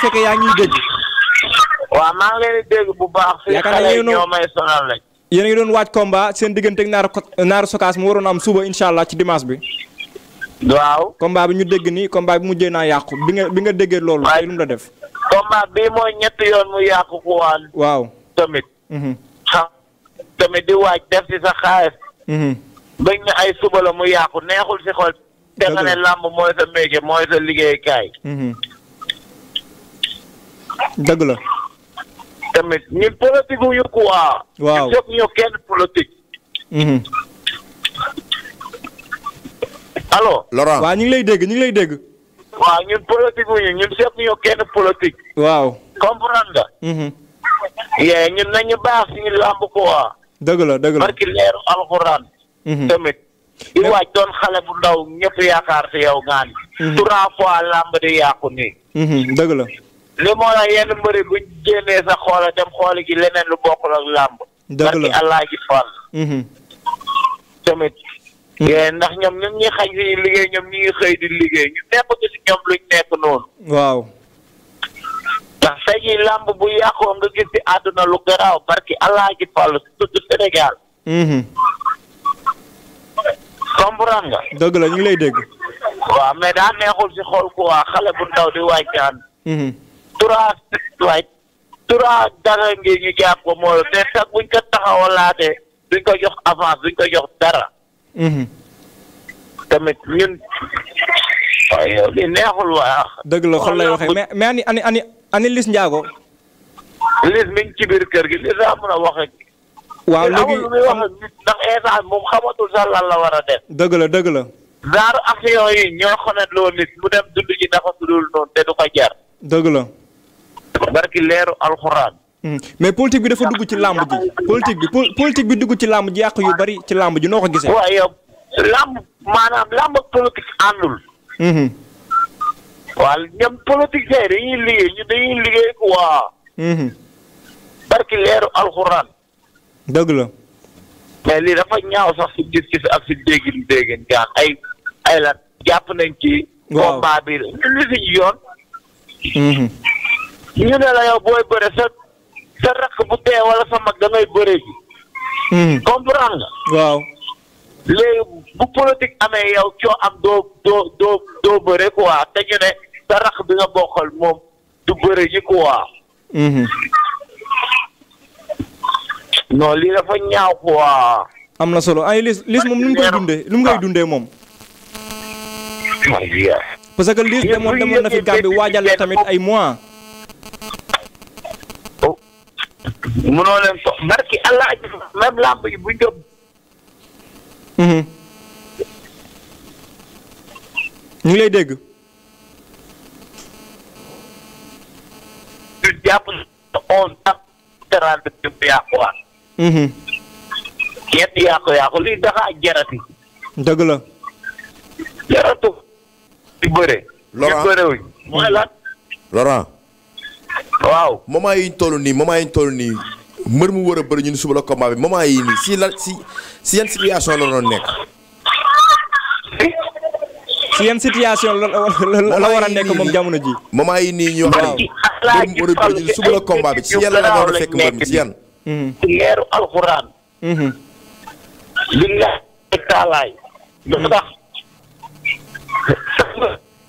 fekkee yaa ngi dégg. waaw maa ngi dégg bu baax. yaakaar naa yéen ñoo may sonal rek. yéen ngi doon waaj combat seen digganteeg naaru naar sokaas mu waroon am suba incha allah ci dimanche bi. waaw. combat bi ñu dégg nii combat bi mujjee naa yàqu bi nga bi nga déggee loolu. waay lu mu la def. combat bii mooy ñetti yoon mu yàqu ku waan. waaw tamit. Mhm. xam tamit di waaj def si sa xaalis. Mhm. bañ ne ay suba la mu yàqu neexul si xol. te nga ne làmb mooy sa métier mooy sa liggéeykaay. Mhm. dëgg la. tamit ñun politique wu ñu quoi. waaw ñu soog ñu kenn politique. allo. Laurent waaw ñu ngi lay dégg ñu ngi lay dégg. waaw ñun politique wu ñu ñun soog ñu kenn politique. waaw. comprendre nga. yee ñun nañu baax suñu làmb quoi. dëgg la dëgg la barki leeru alxuraan. tamit di waaj doon xale bu ndaw ñëpp yaakaar si yow ngaan. trois fois làmb di yàqu nii. dëgg la. li moo tax yenn mbëri buñ génnee sa xoola dem xooli ci leneen lu bokkul ak làmb. dëgg la allah ji fal. ndax ñoom ñun ñuy xañ suñu liggéey ñoom ñu ngi xëy liggéey ñu nekk ci làmb bu yàqoo nga gis ci àdduna lu garaaw barki allah ji fal la ñu ngi lay dégg. waaw mais daa neexul ci xol ku waa xale bu ndaw di waaj trois waaye trois dara ngir ñu jàpp ko te sax buñ ko taxawalaatee duñ ko jox avance duñ ko jox dara. Mhm. tamit ñun waaye yow li neexul waa. dëgg la xol lay waxee mais mais ani ani ani ani Liss Ndiago. Liss mi ci biir kër gi Liss daa mën a wax ak. waaw léegi lu muy wax ndax instant moom xamatul sax lan la war a def. dëgg la dëgg la. daaru action yi ñoo xonat loo nit mu dem dund ci dafa dul noonu te du ko jar. dëgg la. barki leeru alxuraan. Hmm. mais politique bi dafa dugg ci làmb ji politique bi politique bi dugg ci làmb ji yàq yu bari ci làmb ji noo ko gisee. waaw yow làmb maanaam làmb ak politique àndul. Hmm. waaw ñoom politique yi dañuy liggéey ñu dañuy liggéey waa. Hmm. barki leeru alxuraan. dëgg la. mais lii dafa ñaaw sax si gis-gis ak déggin déggin gaan ay ay la jàpp nañ ci. waaw yoon. ñu ne la yow booy bëre sa sa rakk bu dee wala sa mag da ngay bëre ji. Hmm. comprendre waaw. léegi bu politique amee yow coo am doo doo doo doo bëre quoi te ñu ne sa rakk bi nga bokkal moom du bëre ji quoi. Hmm. non lii dafa ñaaw quoi. am na solo ay Liss Liss moom nu mu dundee lu mu ah. dundee moom. parce que Liss demoon demoon na fi Gambie waajal la tamit ay mois. mënoo leen to barki allah aji même làmb yi bu jóg. Mhm. ñu ngi lay dégg. ñu jàpp on a teraan bi jëm yàquwaat. Mhm. kenn yàqu-yàqu lii dafa jarati. dëgg la. jaratu. di bëre. Laurent di waaw moment yi ñu toll nii moment yi ñu toll nii mbër mu war a bëri ñun suba la combat bi moment yii nii si la si si yan situation la doon nekk. si yan la la war a nekk moom jamono ji. moment yii nii ñu wax nii mbër mu war a suba la combat bi si yan la la war a fekk mbër mi si yan. leeru mhm. alxuraan. Mhm. billahi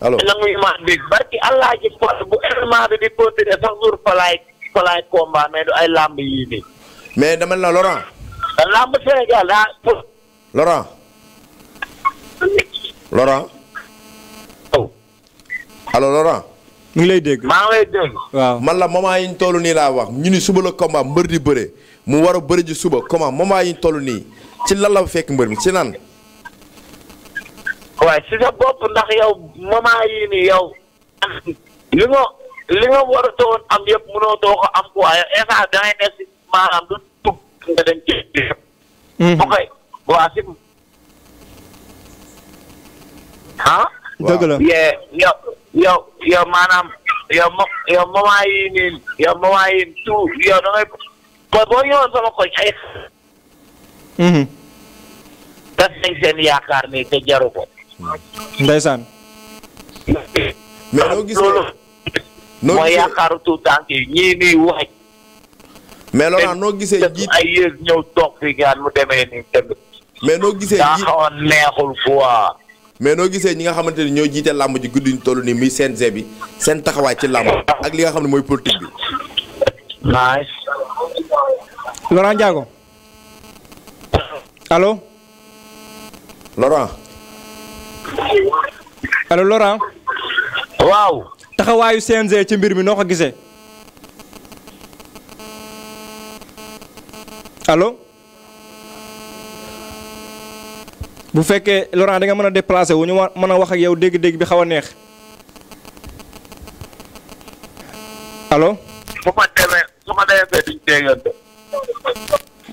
alors lan muy maa dégg barki allah ji pot bu événement bi di continuer sax jour falaay falaay combat mais du ay làmb yii nii. mais dama la Laurent. làmb Sénégal daa ah, pour. Laurent. Laurent. Oh. allo Laurent. mu ngi lay dégg. maa ngi lay dégg. waaw man la moment yi ñu toll nii laa wax ñu ni suba la combat mbër di bëre mu war a bëri ji suba comment moment yi ñu toll nii ci lan la fekk mbër mi ci nan waaye si sa bopp ndax yow moment yii nii yow li nga li nga war a toon am yëpp mënoo too ko am waaye instant dangay nekk si maanaam du tub nga dem ci yëpp. Hmm. ok waa si. ah. dëgg la yee yow yow yow maanaam yow mo yow moment yii nii yow moment hmm. ko. ndeysaan. mais noo gis loolu. noo yaakaaru tout tànk yi ñii nii waaj. mais loolu noo gisee jiit ay yéeg ñëw toog fi gaan mu mais noo gisee daa xaw a neexul quoi. mais noo gisee ñi nga xamante ni ñoo jiite làmb ji guddi ñu toll nii muy see bi seen taxawaay ci làmb ak li nga xam ne mooy politique bi. nice. Laurent Ndiago. allo. allo Laurent. waaw. taxawaayu CNG ci mbir mi noo ko gisee. allo. bu fekkee Laurent da nga mën a déplacé wu ñu mën a wax ak yow dégg-dégg bi xaw a neex. allo.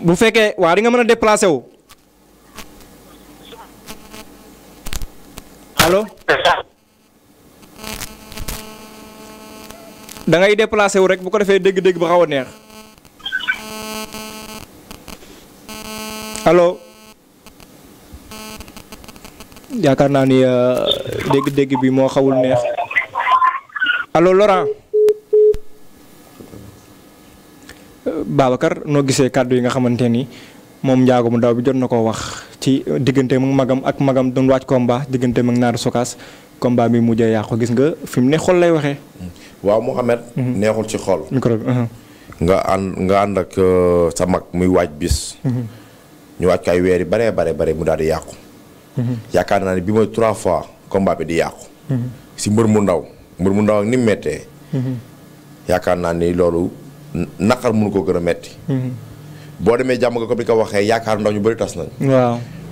bu fekkee waa di nga mën a déplacé wu. halo, da ngay déplacer wu rek bu ko defee dégg-dégg ba xaw a neex allo yaakaar naa ni euh, dégg-dégg bi moo xawul neex allo Laurent euh, Babacar noo gisee kàddu yi nga xamante ni moom njaago mu daw bi jot na koo wax ci digënté mu magam ak magam doon wacc combat digënté mu nar sokas combat bi ya ko gis nga fim ne xol lay waxee. waaw Mouhamed. Mhm. neexul ci xol. Uh-huh. nga nga and ak uh, sa mag muy wacc bis. Mhm. ñu wacc ko ay bare bare bare mu daal di yaqku mhm. yaakaar na ni bi mooy trois fois combat bi di yaqku ci mbeur mu ndaw mbeur mu ndaw ak ni metté méttee. yaakaar naa ni lolu nakar mu ko gëna metti. bo demee jamm ko bi ko waxé yaakaar ndaw ñu bari tass nañ. waaw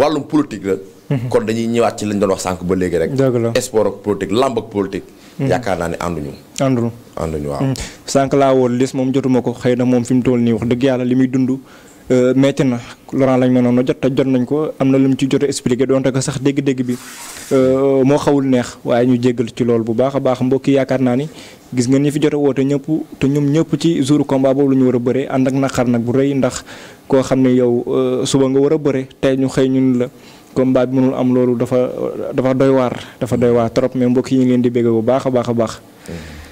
wàllum politique la. Mhm. kon dañuy ñëwaat ci lañ doon wax sànq ba léegi rek. sport ak politique lamb ak politique. Mhm. yaakaar naa ne ànduñu. ànduñu ànduñu waaw. Mhm. sànq laa woon lis moom jotuma ko xëy na moom fi mu toll nii wax dëgg yàlla li muy dundu Euh, metti na loraan lañ ma noonu jot jot nañ ko am na lu mu ci jot a expliqué donte ko sax dégg-dégg bi euh, moo xawul neex waaye ñu jéggal ci lool bu baax a baax mbokki yaakaar naa ni gis nga ñi fi jot a woote ñëpp te ñoom ñëpp ci jour combat boobu la ñu war a bëree ànd ak xar nag bu rëy ndax koo xam ne yow euh, suba nga war a bëre te ñu xëy ñun la combat bi mënul am loolu dafa dafa doy waar dafa doy waar trop mais mbokk yi ñu leen di bégg bu baax a baax a baax. Mm-hmm.